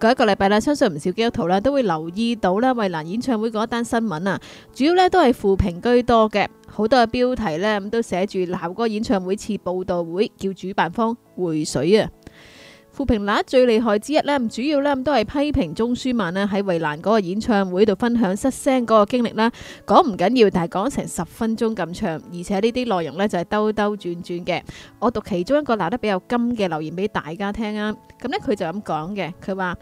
過一個禮拜相信唔少基督徒都會留意到啦，衛蘭演唱會嗰一單新聞主要都係負評居多嘅，好多嘅標題都寫住鬧個演唱會似布道會，叫主辦方回水。負評嗱最厲害之一呢，主要呢都係批評鍾舒漫呢喺維蘭嗰個演唱會度分享失聲嗰個經歷啦。講唔緊要，但係講成十分鐘咁長，而且呢啲內容呢就係兜兜轉轉嘅。我讀其中一個鬧得比較金嘅留言俾大家聽啊。咁呢佢就咁講嘅，佢話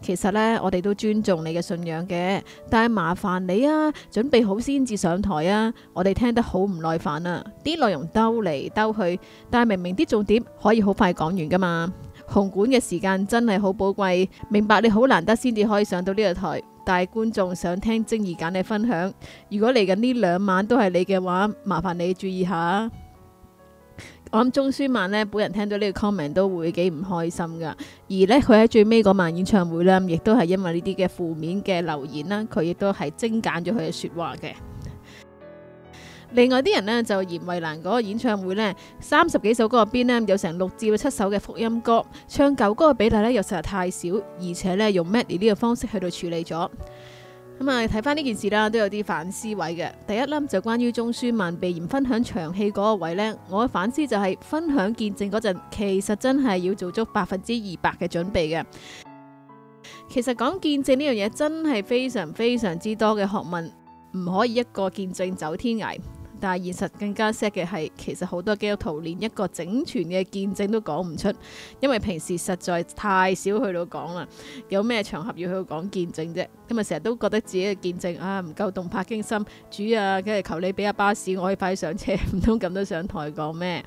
其實呢，我哋都尊重你嘅信仰嘅，但係麻煩你啊，準備好先至上台啊。我哋聽得好唔耐煩啊，啲內容兜嚟兜去，但係明明啲重點可以好快講完噶嘛。紅館嘅時間真係好寶貴，明白你好難得先至可以上到呢個台，但係觀眾想聽精而簡嘅分享。如果嚟緊呢兩晚都係你嘅話，麻煩你注意下。我諗鍾舒漫呢，本人聽到呢個 comment 都會幾唔開心噶。而呢，佢喺最尾嗰晚演唱會呢，亦都係因為呢啲嘅負面嘅留言啦，佢亦都係精簡咗佢嘅說話嘅。另外啲人呢，就嫌衛蘭嗰個演唱會呢，三十幾首歌入邊呢，有成六至七首嘅福音歌，唱舊歌嘅比例呢，又實在太少，而且呢，用 medley 呢個方式去到處理咗。咁、嗯、啊，睇翻呢件事啦，都有啲反思位嘅。第一啦，就關於鍾舒漫被嫌分享長氣嗰個位呢，我嘅反思就係、是、分享見證嗰陣，其實真係要做足百分之二百嘅準備嘅。其實講見證呢樣嘢真係非常非常之多嘅學問，唔可以一個見證走天涯。但係現實更加 sad 嘅係，其實好多基督徒連一個整全嘅見證都講唔出，因為平時實在太少去到講啦。有咩場合要去到講見證啫？今日成日都覺得自己嘅見證啊唔夠動魄驚心。主啊，跟住求你俾阿巴士，我可以快啲上車，唔通咁都想同佢講咩？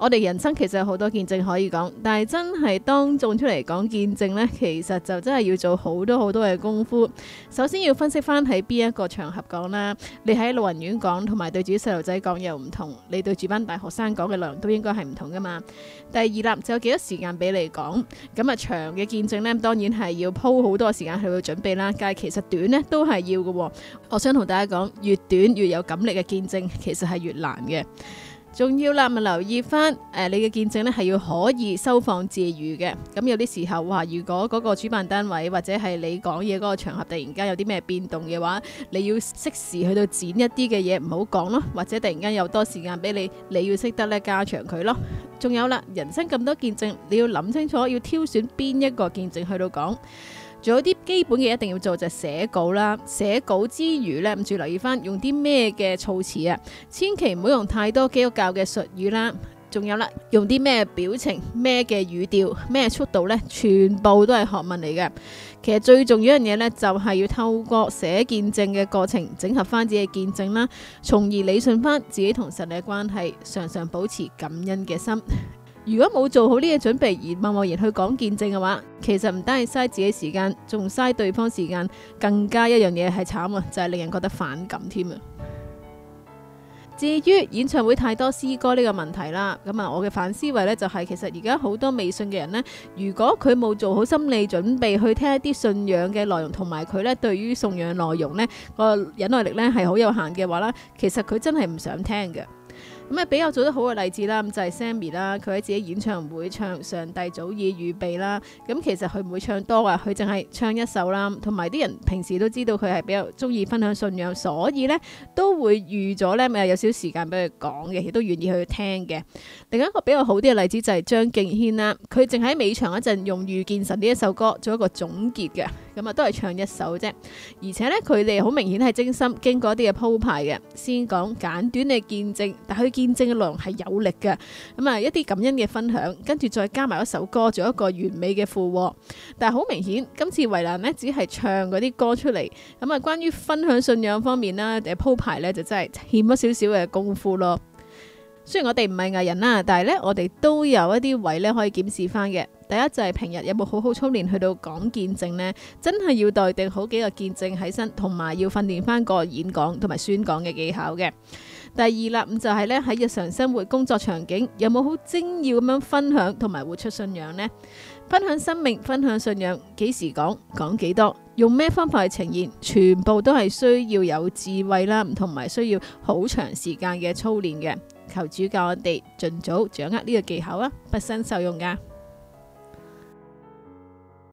我哋人生其實有好多見證可以講，但係真係當眾出嚟講見證呢，其實就真係要做好多好多嘅功夫。首先要分析翻喺邊一個場合講啦，你喺老人院講同埋對住啲細路仔講又唔同，你對住班大學生講嘅內容都應該係唔同噶嘛。第二立就有幾多時間俾你講，咁啊長嘅見證呢，當然係要鋪好多時間去去準備啦。但係其實短呢，都係要嘅。我想同大家講，越短越有感力嘅見證，其實係越難嘅。仲要啦，咪留意翻，誒、呃、你嘅見證咧，係要可以收放自如嘅。咁有啲時候話，如果嗰個主辦單位或者係你講嘢嗰個場合，突然間有啲咩變動嘅話，你要適時去到剪一啲嘅嘢，唔好講咯。或者突然間有多時間俾你，你要識得咧加長佢咯。仲有啦，人生咁多見證，你要諗清楚，要挑選邊一個見證去到講。仲有啲基本嘅一定要做就係寫稿啦，寫稿之餘呢，唔住留意翻用啲咩嘅措辭啊，千祈唔好用太多基督教嘅術語啦。仲有啦，用啲咩表情、咩嘅語調、咩速度呢？全部都係學問嚟嘅。其實最重要一樣嘢呢，就係要透過寫見證嘅過程，整合翻自己嘅見證啦，從而理順翻自己同神嘅關係，常常保持感恩嘅心。如果冇做好呢個準備而默默然去講見證嘅話，其實唔單係嘥自己時間，仲嘥對方時間，更加一樣嘢係慘啊，就係、是、令人覺得反感添啊。至於演唱會太多詩歌呢個問題啦，咁啊，我嘅反思維呢、就是，就係其實而家好多未信嘅人呢，如果佢冇做好心理準備去聽一啲信仰嘅內容，同埋佢咧對於信仰內容呢、那個忍耐力呢係好有限嘅話啦，其實佢真係唔想聽嘅。咁啊，比較做得好嘅例子啦，咁就係 Sammy 啦，佢喺自己演唱會唱上帝早已預備啦。咁其實佢唔會唱多啊，佢淨係唱一首啦。同埋啲人平時都知道佢係比較中意分享信仰，所以咧都會預咗咧，咪有少少時間俾佢講嘅，亦都願意去聽嘅。另一個比較好啲嘅例子就係張敬軒啦，佢淨喺尾場一陣用遇見神呢一首歌做一個總結嘅。咁啊，都係唱一首啫，而且咧，佢哋好明顯係精心經過一啲嘅鋪排嘅，先講簡短嘅見證，但係佢見證嘅內容係有力嘅。咁啊，一啲感恩嘅分享，跟住再加埋一首歌，做一個完美嘅附和。但係好明顯，今次維蘭呢，只係唱嗰啲歌出嚟。咁啊，關於分享信仰方面啦，誒鋪排呢，就真係欠咗少少嘅功夫咯。雖然我哋唔係藝人啦，但係呢，我哋都有一啲位呢，可以檢視翻嘅。第一就係、是、，平日有冇好好操練去到講見證呢？真係要待定好幾個見證起身，同埋要訓練翻個演講同埋宣講嘅技巧嘅。第二啦，咁就係咧，喺日常生活工作場景有冇好精要咁樣分享同埋活出信仰呢？分享生命，分享信仰，幾時講，講幾多，用咩方法去呈現，全部都係需要有智慧啦，同埋需要好長時間嘅操練嘅。求主教我哋盡早掌握呢個技巧啊！畢生受用噶。